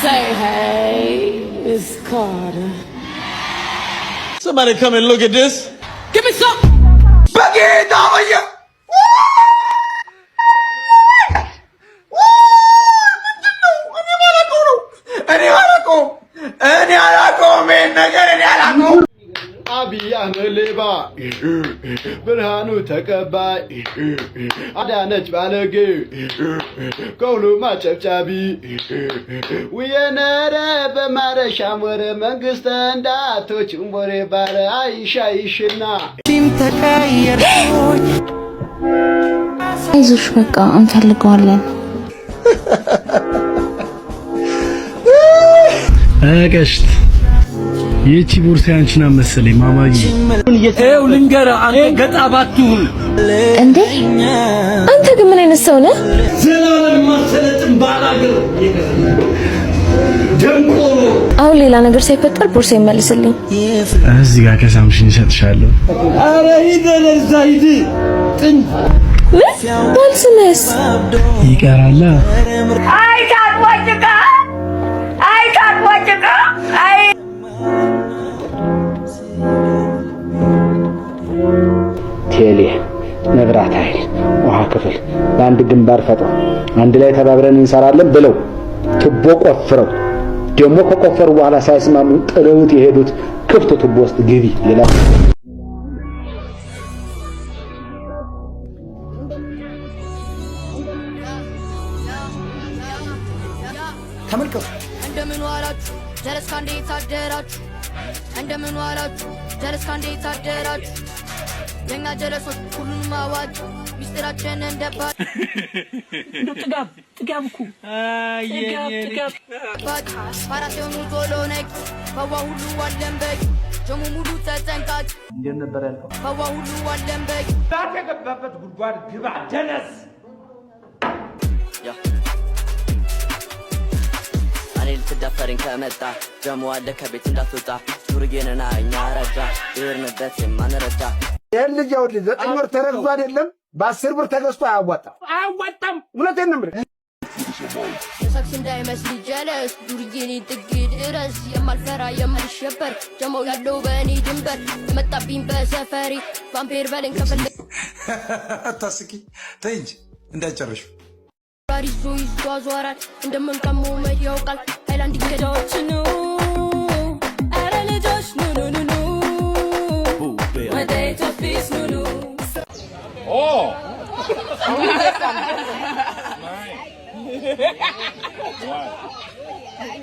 Say, hey, Miss Carter. Somebody come and look at this. Give me some. Boogie you? ሌባ ብርሃኑ ተቀባይ አዳነች ባለጌ ከሁሉ ማጨብጫቢ ውየነረ በማረሻ ወረ መንግስተ እንዳቶች ወሬ ባረ አይሻይሽና ቲም ተቀየር አይዞሽ በቃ እንፈልገዋለን። ቀሽት ይቺ ቦርሳ ያንቺ መሰለኝ። ማማዬ እው ልንገርህ፣ አንተ ገጣባቱ እንዴ! አንተ ግን ምን አይነት ሰው ነህ? ዘላለም ማሰለጥን ባላገር ደንቆሮ። አሁን ሌላ ነገር ሳይፈጠር ቦርሳ ይመልስልኝ። እዚህ ጋር ከሳምሽን እሰጥሻለሁ። አረ ሂድ ለዛ ሂድ። ምን ባልስምህስ ይቀራል። መብራት ኃይል ውሃ ክፍል በአንድ ግንባር ፈጥሮ አንድ ላይ ተባብረን እንሰራለን ብለው ቱቦ ቆፍረው ደግሞ ከቆፈሩ በኋላ ሳይስማሙ ጥለውት የሄዱት ክፍት ቱቦ ውስጥ ግቢ ሌላ ተመልከቱ። እንደምን ዋላችሁ እንዴት አደራችሁ? እንደምን ዋላችሁ እንዴት አደራችሁ? የእኛ ጀለሶች ሁሉንም አዋጅ ሚስጥራችን እንደባጭ ጥጋብ ጥጋብ እኮ ጥጋብ ቶሎ ሁሉ አለንበጭ ጀሙ ሙሉ ተጠንቃጭ እንዴት ነበር ያልከው? ሁሉ ጉድጓድ ግባ ደነስ ከመጣ ደሞ አለ ከቤት እንዳትወጣ ዱርጌንና እኛ ረጃ ብርንበት የማንረዳ ይህን ልጅ አሁን ዘጠኝ ወር ተረግዞ አይደለም በአስር ብር ተገዝቶ አያዋጣም፣ አያዋጣም። እውነቴን ነው የምልህ። የሳክስ እንዳይመስል ጀለስ ዱርዬን ጥግ ድረስ የማልፈራ የማልሸበር ደግሞ ያለው በእኔ ድንበር የመጣብኝ በሰፈሪ ቫምፔር በለኝ ከፈለ አታስቂ ተይ እንጂ እንዳጨረሹ ባሪዞ ይዟዟራል እንደምንቀሙ መድ ያውቃል ሃይላንድ ገዳዎች ነው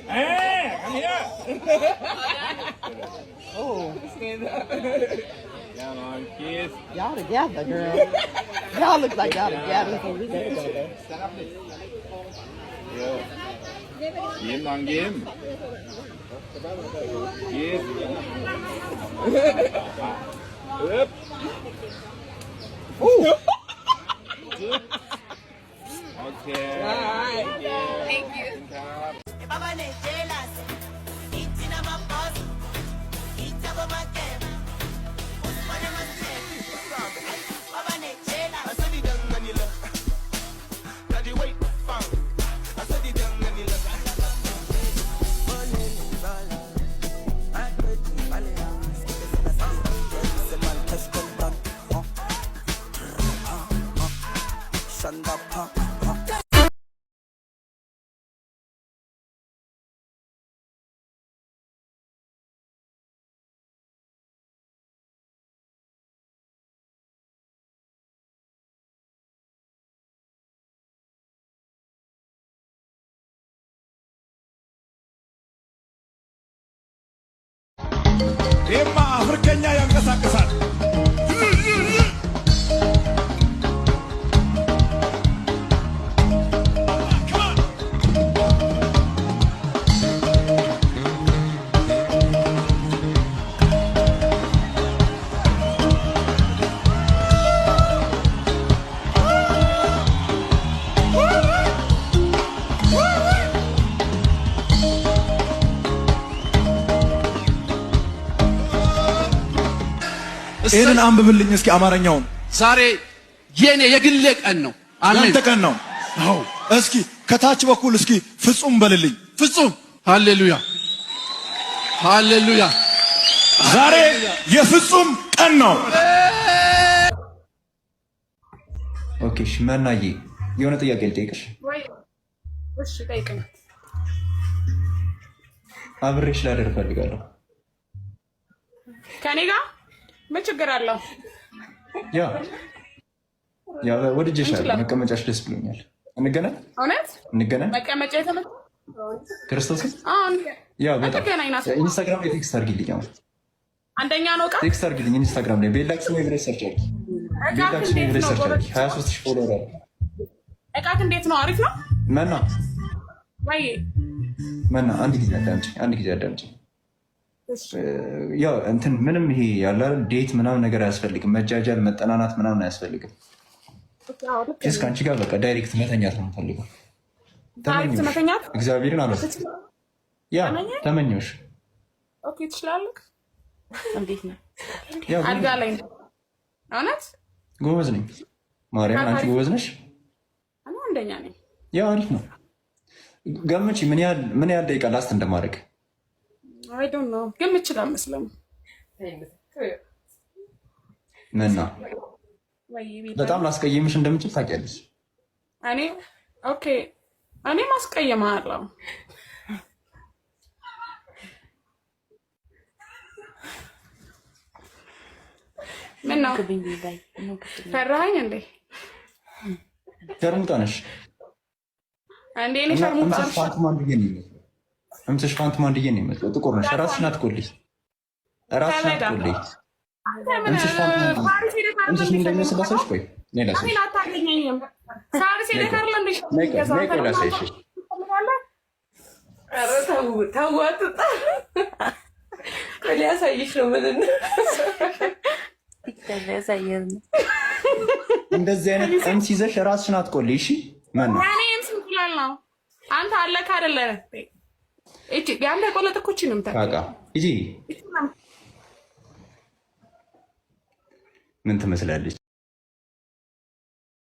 Hey, come here. oh, stand up. Come on, kiss. Y'all together, girl. y'all look like y'all together. Stop it. Yo. Give him, give Give. Up. Ooh. okay. All right. Okay. I abanete. ይህማ አፍሪከኛ ያንቀሳቅሳል። ይህንን አንብብልኝ እስኪ አማርኛውን። ዛሬ የኔ የግሌ ቀን ነው። አንተ ቀን ነው። አዎ እስኪ ከታች በኩል እስኪ ፍጹም በልልኝ። ፍጹም። ሃሌሉያ ሃሌሉያ። ዛሬ የፍጹም ቀን ነው። ኦኬ እሺ። የሆነ ጥያቄ ልጠይቅሽ። እሺ አብሬሽ ላደር እፈልጋለሁ ከኔ ጋር ምን ችግር አለው? ወድጄሻለሁ። መቀመጫሽ ደስ ብሎኛል። እንገናኝ። እውነት እንገናኝ። መቀመጫ የተመ ኢንስታግራም ላይ ቴክስት አድርጊልኝ። አሁን አንደኛ ነው ቴክስት አድርጊልኝ። ኢንስታግራም ላይ ቤላክስ ወይ ብለሽ ሰርች አድርጊ። ቤላክስ ወይ ብለሽ ሰርች አድርጊ። ሀያ ሺህ ፎሎወር አለ። እቃት እንዴት ነው? አሪፍ ነው። መና ወይ መና፣ አንድ ጊዜ አዳምጪኝ፣ አንድ ጊዜ አዳምጪኝ ያው እንትን ምንም ይሄ ያለ ዴት ምናምን ነገር አያስፈልግም። መጃጃል፣ መጠናናት ምናምን አያስፈልግም። ስ ከአንቺ ጋር በቃ ዳይሬክት መተኛት ነው የምፈልገው። እግዚአብሔርን አለ ያ ተመኞሽ ትችላለህ። እውነት ጎበዝ ነኝ። ማርያም አንቺ ጎበዝ ነሽ። አንደኛ ነኝ። አሪፍ ነው። ገምቺ ምን ያህል ደቂቃ ላስት እንደማድረግ አይ ዶንት ኖ ግን አይመስለም። በጣም ላስቀየምሽ እንደምችል ታውቂያለሽ። እኔ ኦኬ፣ እኔ ማስቀየም አለው ፈራኸኝ እንዴ? ሸርሙጣ ነሽ እንዴ? እኔ ሸርሙጣ ነሽ እምትሽ ፋንትማ እንድዬ ነው የመጣው። ጥቁር ነሽ። ራስሽ ናት ቆልሽ፣ ራስሽ ናት እምትሽ ፋንትማ እምትሽ ምን እንደሚመስል ላሳይሽ። ቆይ ነይ ላሳይሽ። ነው። ምን እንደዚህ አይነት ቀሚስ ይዘሽ ራስሽ ናት እሺ፣ ማነው ነው አንተ አለካ አይደለ እቺ ያንዳ ቆለጥ እኮ እቺንም ታቃ እቺ ምን ትመስላለች?